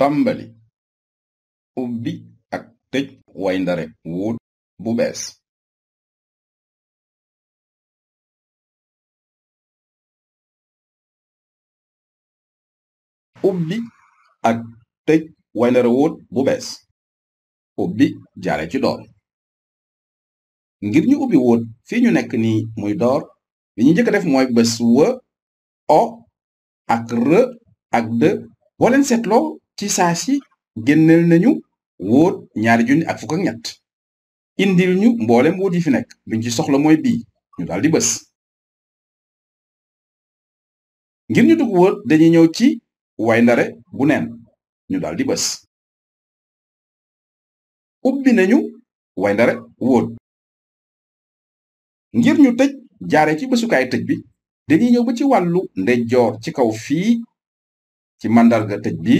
tàmbali ubbi ak tëj wayndare wuut bu bees ubbi ak tëj jaare ci door ngir ñu ubbi wuut fii ñu nekk nii muy door li ñu jëkk def mooy bés w o ak r ak d boo leen ci saa si génneel nañu wóot ñaari junni ak fukk ñett indil ñu mboolem wóot yi fi nekk luñ ci soxla mooy bii ñu daldi di bës ngir ñu dugg wóot dañuy ñëw ci wayndare ndare bu neen ñu daldi di bës ubbi nañu way ndare wóot ngir ñu tëj jaare ci bësukaay tëj bi dañuy ñëw ba ci wàllu ndeyjoor ci kaw fii ci màndarga tëj bi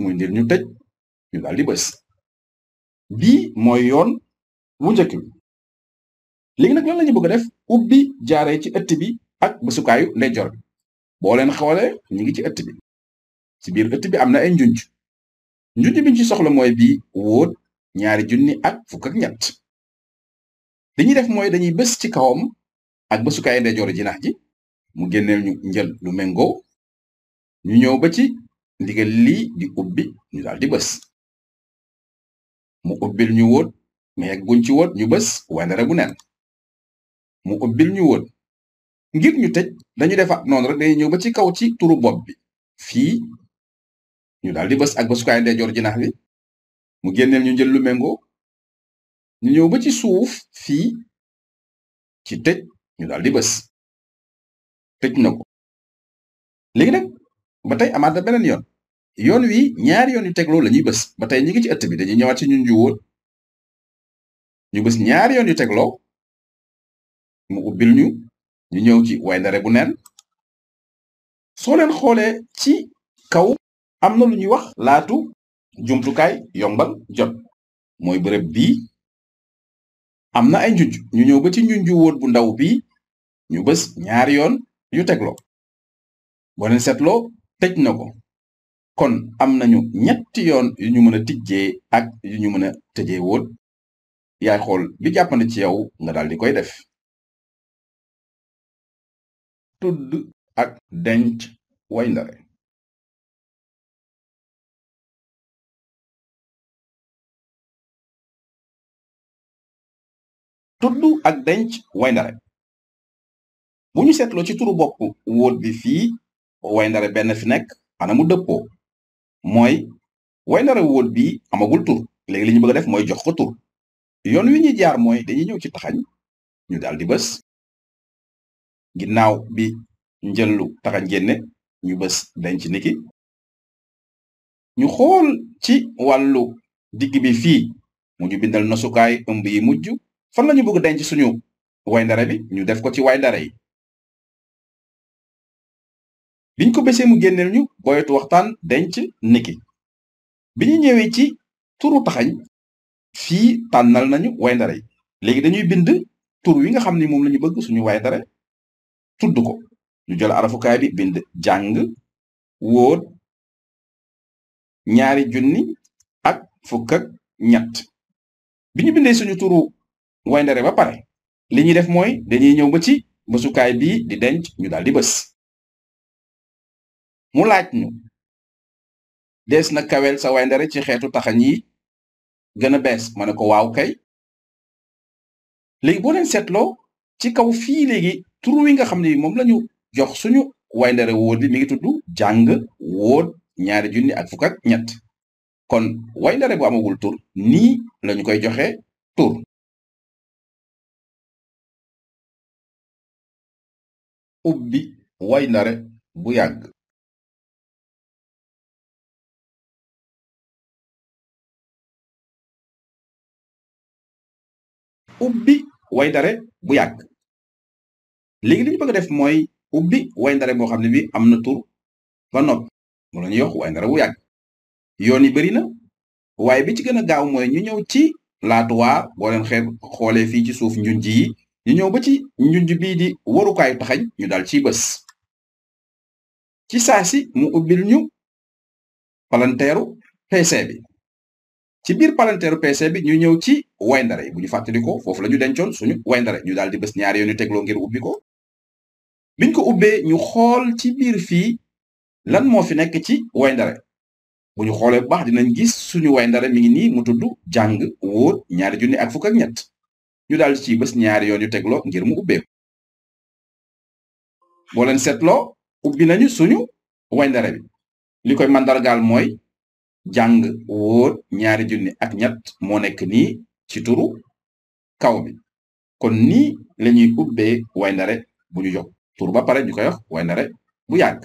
muy ndir ñu tej ñu dal di bëss bi moy yoon wu njëkk bi léegi nak lan lañu bëgg def ubbi jaaré ci ëtt bi ak bësukaayu ndeyjoor bi bo leen xolé ñu ngi ci ëtt bi ci biir ëtt bi amna ay njunj njunj bi ci soxla moy bi woot ñaari junni ak fuk ak ñatt dañuy def moy dañuy bëss ci kawam ak bësukaayu ndeyjoor jinax ji mu génneel ñu ñël lu mengo ñu ñëw ba ci ndigal lii di ubbi ñu daal di bës mu ubbil ñu wóot mais yegguñ ci wóot ñu bës wandare bu neen mu ubbil ñu wóot ngir ñu tëj dañu defa noonu rek dañuy ñëw ci kaw ci turu bopp bi fii ñu daal di bës ak bësukaay ndeyjoor jinax bi mu génneel ñu njël lu méngoo ñu ñëw ba ci suuf fii ci tëj ñu daal di bës tëj na ko léegi ba tey amaat na beneen yoon yoon wi ñaari yoon yu teglo lañuy ñuy bës ba tey ñi ngi ci ëtt bi dañuy ñëwaat ci ñu ju ñu bës ñaari yoon yu tegloo mu ubbil ñu ñëw ci waaye bu nen soo leen xoolee ci kaw am na lu ñuy wax laatu jumtukaay yombal jot mooy bërëb bii am na ay njunj ñu ñëw ba ci ñu wóot bu ndaw bii ñu bës ñaar yoon yu tegloo boo leen seetloo tëj na ko kon am nañu ñetti yoon yu ñu mën a tijjee ak yu ñu mën a tëjee wóot yaay xool bi jàppandi ci yow nga daal di koy def tudd ak denc wayndare tudd ak bu ñu seetloo ci turu bopp wóot bi fii wayndare benn fi nekk ana mu dëppoo Moy, way na woon bi amagul tour léegi liñu bëgg def moy jox ko tour yoon wi ñi jaar moy dañuy ñew ci taxañ ñu dal di bëss ginnaw bi ñëllu taxañ génne ñu dañ ci niki ñu xol ci walu digg bi fi mu ñu bindal nosukaay ëmb yi mujju fan lañu bëgg ci suñu wayndare bi ñu def ko ci wayndare yi biñ ko bésee mu génneel ñu boyetu waxtaan denc niki bi ñu ñëwee ci turu taxañ fii tànnal nañu wayndare yi léegi dañuy bind tur wi nga xam ni moom la bëgg suñu wayndare tudd ko lu jol arafukaay bi bind jàng wóot ñaari bi ñu bindee suñu turu wayndare ba pare li ñuy def mooy dañuy ñëw ba ci bësukaay bii di denc ñu daal di bës mu laaj nu dees na kawel sa wayndare ci xeetu taxañ yi gën a bees ma ne ko waaw kay léegi boo leen seetloo ci kaw fii léegi tur wi nga xam ne moom la ñu jox suñu wayndare wóot li mi ngi tudd jàng wóot ñaari junni ak fukk ñett kon wayndare bu amagul tur nii lañu koy joxe tur ubbi wayndare bu yàgg ubbi Waydare bu yàgg léegi li ñu bëgg a def mooy ubbi Waydare boo xam ne bi am na tur ba nopp mu la ñuy wax Waydare bu yàgg yoon yi bëri na waaye bi ci gën a gaaw mooy ñu ñëw ci laatuwaa boo leen xeet xoolee fii ci suuf njunj yi ñu ñëw ba ci njunj bii di warukaayu taxañ ñu daal ciy bës ci saasi mu ubbil ñu palanteeru PC bi ci biir palanteeru PC bi ñu ñëw ci wayndare yi bu ñu fàttali foofu la ñu dencoon suñu wayndare ñu daal di bës ñaari yoon yu tegloo ngir ubbi ko biñ ko ubbee ñu xool ci biir fii lan moo fi nekk ci wayndare bu ñu xoolee bu baax dinañ gis suñu wayndare mi ngi nii mu tudd jàng wóor ñaari junni ak fukk ak ñett ñu daal ci bës ñaari yoon yu tegloo ngir mu ubbeeku boo leen seetloo ubbi nañu suñu wayndare bi li koy mandargaal mooy jàng wóor ñaari junni ak ñett moo nekk nii ci turu kaw bi kon nii lañuy ubbee Waynare bu ñu jóg tur ba pare ñu koy wax Waynare bu yàgg